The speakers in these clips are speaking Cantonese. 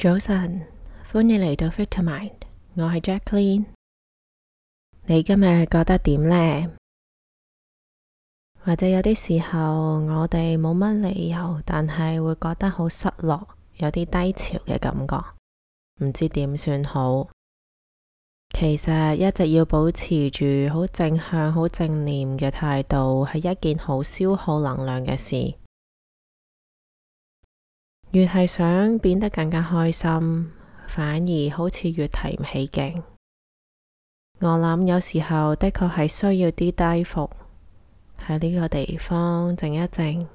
早晨，歡迎嚟到 Vitamind，我係 Jacklyn。你今日覺得點呢？或者有啲時候我哋冇乜理由，但係會覺得好失落，有啲低潮嘅感覺，唔知點算好。其實一直要保持住好正向、好正念嘅態度，係一件好消耗能量嘅事。越係想變得更加開心，反而好似越提唔起勁。我諗有時候的確係需要啲低伏喺呢個地方靜一靜，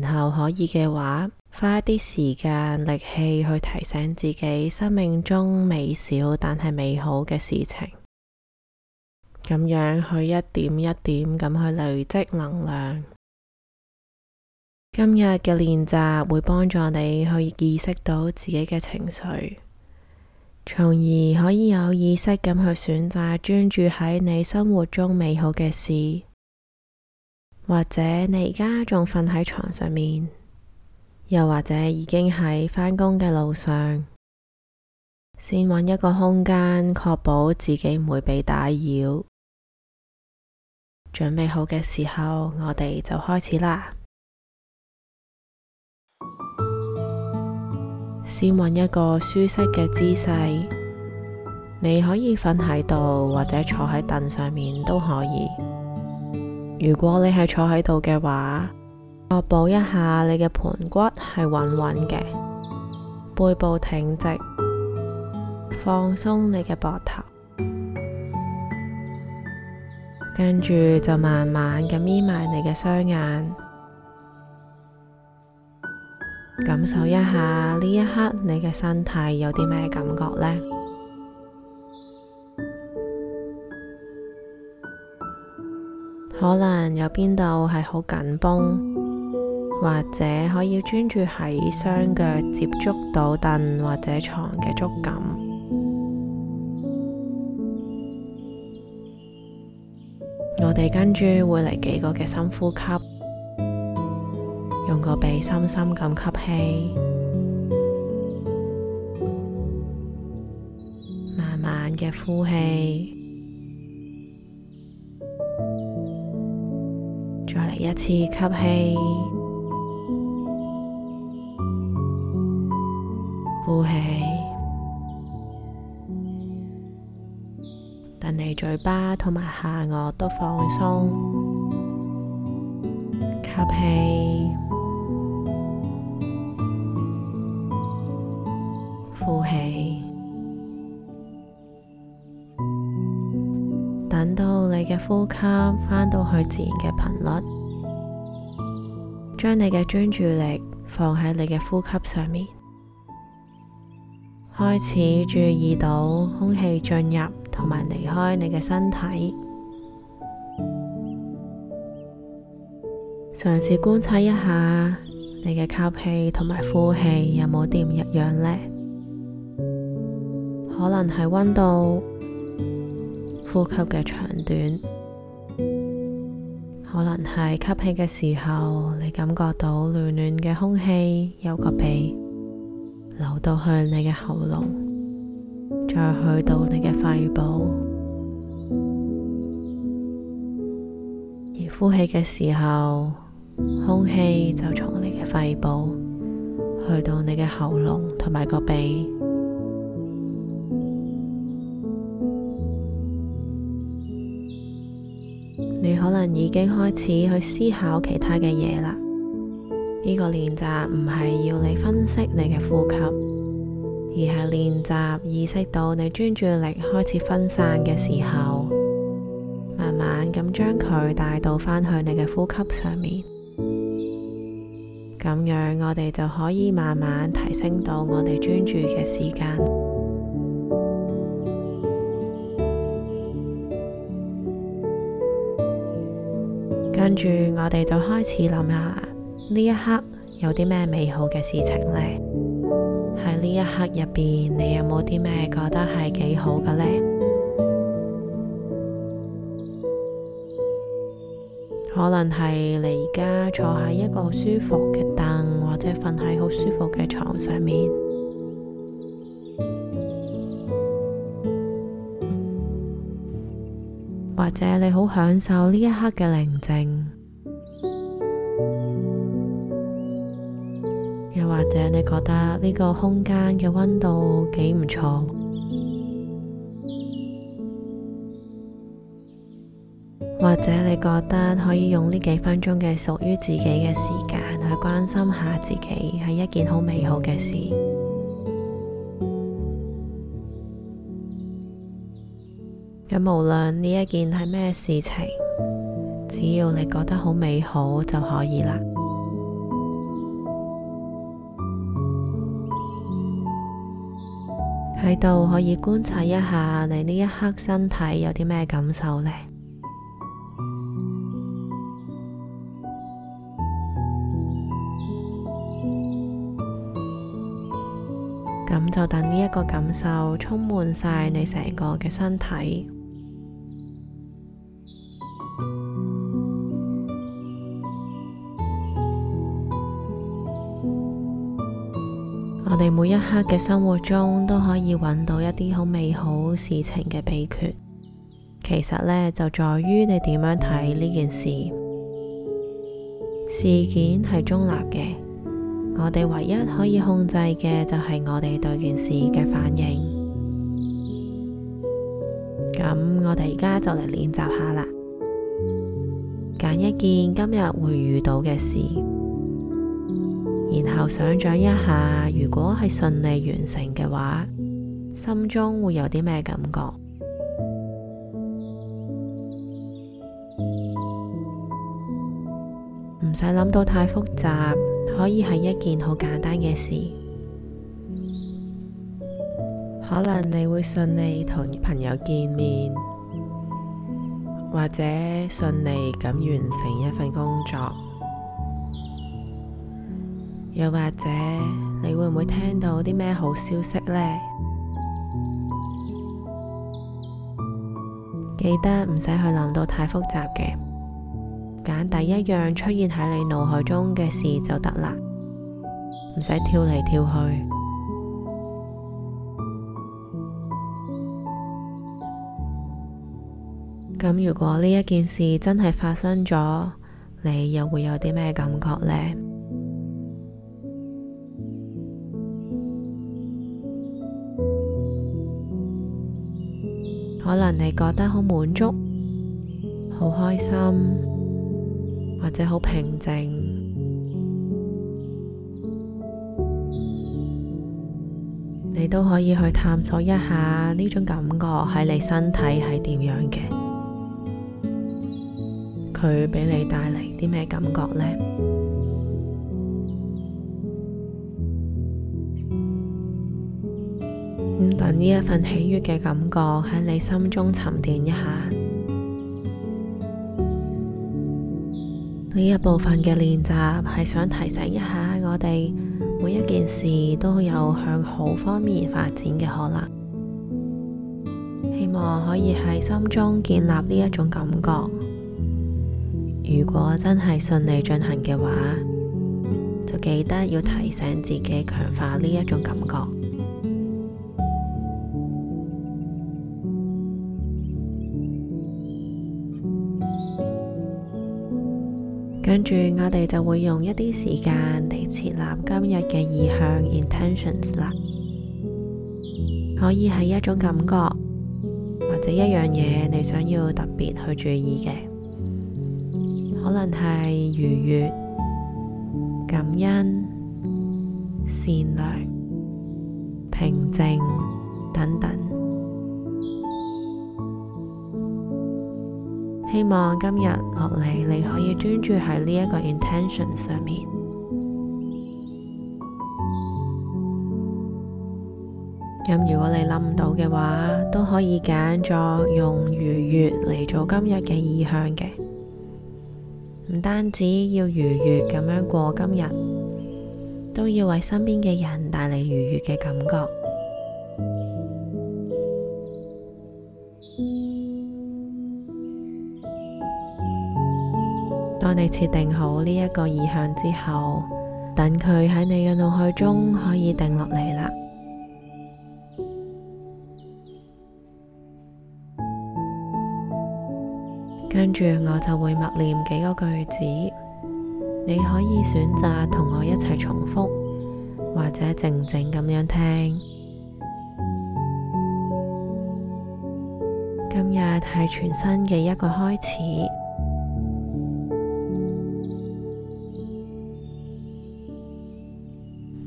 然後可以嘅話花啲時間力氣去提醒自己生命中微小但係美好嘅事情，咁樣去一點一點咁去累積能量。今日嘅練習會幫助你去意識到自己嘅情緒，從而可以有意識咁去選擇專注喺你生活中美好嘅事。或者你而家仲瞓喺床上面，又或者已經喺返工嘅路上，先揾一個空間，確保自己唔會被打擾。準備好嘅時候，我哋就開始啦。先揾一個舒適嘅姿勢，你可以瞓喺度或者坐喺凳上面都可以。如果你係坐喺度嘅話，確保一下你嘅盆骨係穩穩嘅，背部挺直，放鬆你嘅膊頭，跟住就慢慢咁眯埋你嘅雙眼。感受一下呢一刻你嘅身體有啲咩感覺呢？可能有邊度係好緊繃，或者可以專注喺雙腳接觸到凳或者床嘅觸感。我哋跟住會嚟幾個嘅深呼吸，用個鼻深深咁吸。氣，慢慢嘅呼氣，再嚟一次吸氣，呼氣，但你嘴巴同埋下顎都放鬆，吸氣。呼氣，等到你嘅呼吸返到去自然嘅頻率，將你嘅專注力放喺你嘅呼吸上面，開始注意到空氣進入同埋離開你嘅身體，嘗試觀察一下你嘅吸氣同埋呼氣有冇啲唔一樣呢？可能係溫度、呼吸嘅長短，可能係吸氣嘅時候，你感覺到暖暖嘅空氣由個鼻流到去你嘅喉嚨，再去到你嘅肺部；而呼氣嘅時候，空氣就從你嘅肺部去到你嘅喉嚨同埋個鼻。已經開始去思考其他嘅嘢啦。呢個練習唔係要你分析你嘅呼吸，而係練習意識到你專注力開始分散嘅時候，慢慢咁將佢帶到返去你嘅呼吸上面。咁樣我哋就可以慢慢提升到我哋專注嘅時間。跟住我哋就開始諗下呢一刻有啲咩美好嘅事情呢？喺呢一刻入邊，你有冇啲咩覺得係幾好嘅呢？可能係你而家坐喺一個舒服嘅凳，或者瞓喺好舒服嘅床上面。或者你好享受呢一刻嘅寧靜，又或者你覺得呢個空間嘅溫度幾唔錯，或者你覺得可以用呢幾分鐘嘅屬於自己嘅時間去關心下自己，係一件好美好嘅事。無論呢一件係咩事情，只要你覺得好美好就可以啦。喺度 可以觀察一下你呢一刻身體有啲咩感受呢？咁 就等呢一個感受充滿晒你成個嘅身體。我哋每一刻嘅生活中都可以揾到一啲好美好事情嘅秘訣，其實呢，就在於你點樣睇呢件事。事件係中立嘅，我哋唯一可以控制嘅就係我哋對件事嘅反應。咁我哋而家就嚟練習下啦，揀一件今日會遇到嘅事。然後想象一下，如果係順利完成嘅話，心中會有啲咩感覺？唔使諗到太複雜，可以係一件好簡單嘅事。 可能你會順利同朋友見面，或者順利咁完成一份工作。又或者你會唔會聽到啲咩好消息呢？記得唔使去諗到太複雜嘅，揀第一樣出現喺你腦海中嘅事就得啦，唔使跳嚟跳去。咁如果呢一件事真係發生咗，你又會有啲咩感覺呢？可能你覺得好滿足、好開心，或者好平靜，你都可以去探索一下呢種感覺喺你身體係點樣嘅，佢俾你帶嚟啲咩感覺呢？等呢一份喜悅嘅感覺喺你心中沉澱一下。呢一部分嘅練習係想提醒一下我哋，每一件事都有向好方面發展嘅可能。希望可以喺心中建立呢一種感覺。如果真係順利進行嘅話，就記得要提醒自己強化呢一種感覺。跟住我哋就會用一啲時間嚟設立今日嘅意向 intentions 啦，可以係一種感覺或者一樣嘢，你想要特別去注意嘅，可能係愉悅、感恩、善良、平靜等等。希望今日落嚟你可以專注喺呢一個 intention 上面。咁如果你諗唔到嘅話，都可以揀咗用愉悦嚟做今日嘅意向嘅。唔單止要愉悦咁樣過今日，都要為身邊嘅人帶嚟愉悦嘅感覺。當你設定好呢一個意向之後，等佢喺你嘅腦海中可以定落嚟啦。跟住我就會默念幾個句子，你可以選擇同我一齊重複，或者靜靜咁樣聽。今日係全新嘅一個開始。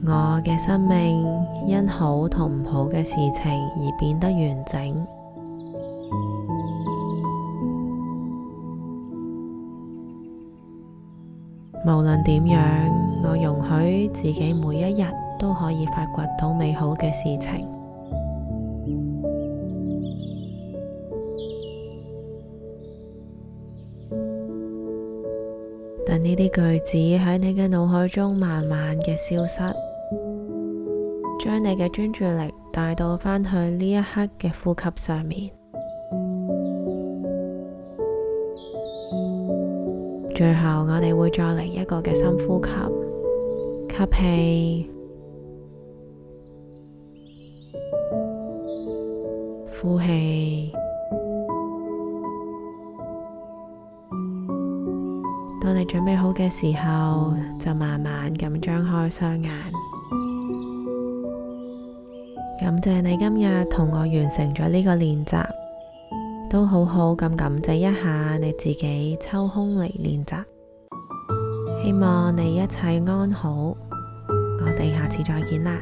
我嘅生命因好同唔好嘅事情而變得完整。無論點樣，我容許自己每一日都可以發掘到美好嘅事情。但呢啲句子喺你嘅腦海中慢慢嘅消失。將你嘅專注力帶到返去呢一刻嘅呼吸上面。最後，我哋會再嚟一個嘅深呼吸，吸氣，呼氣。當你準備好嘅時候，就慢慢咁張開雙眼。感謝你今日同我完成咗呢個練習，都好好咁感謝一下你自己抽空嚟練習，希望你一切安好，我哋下次再見啦。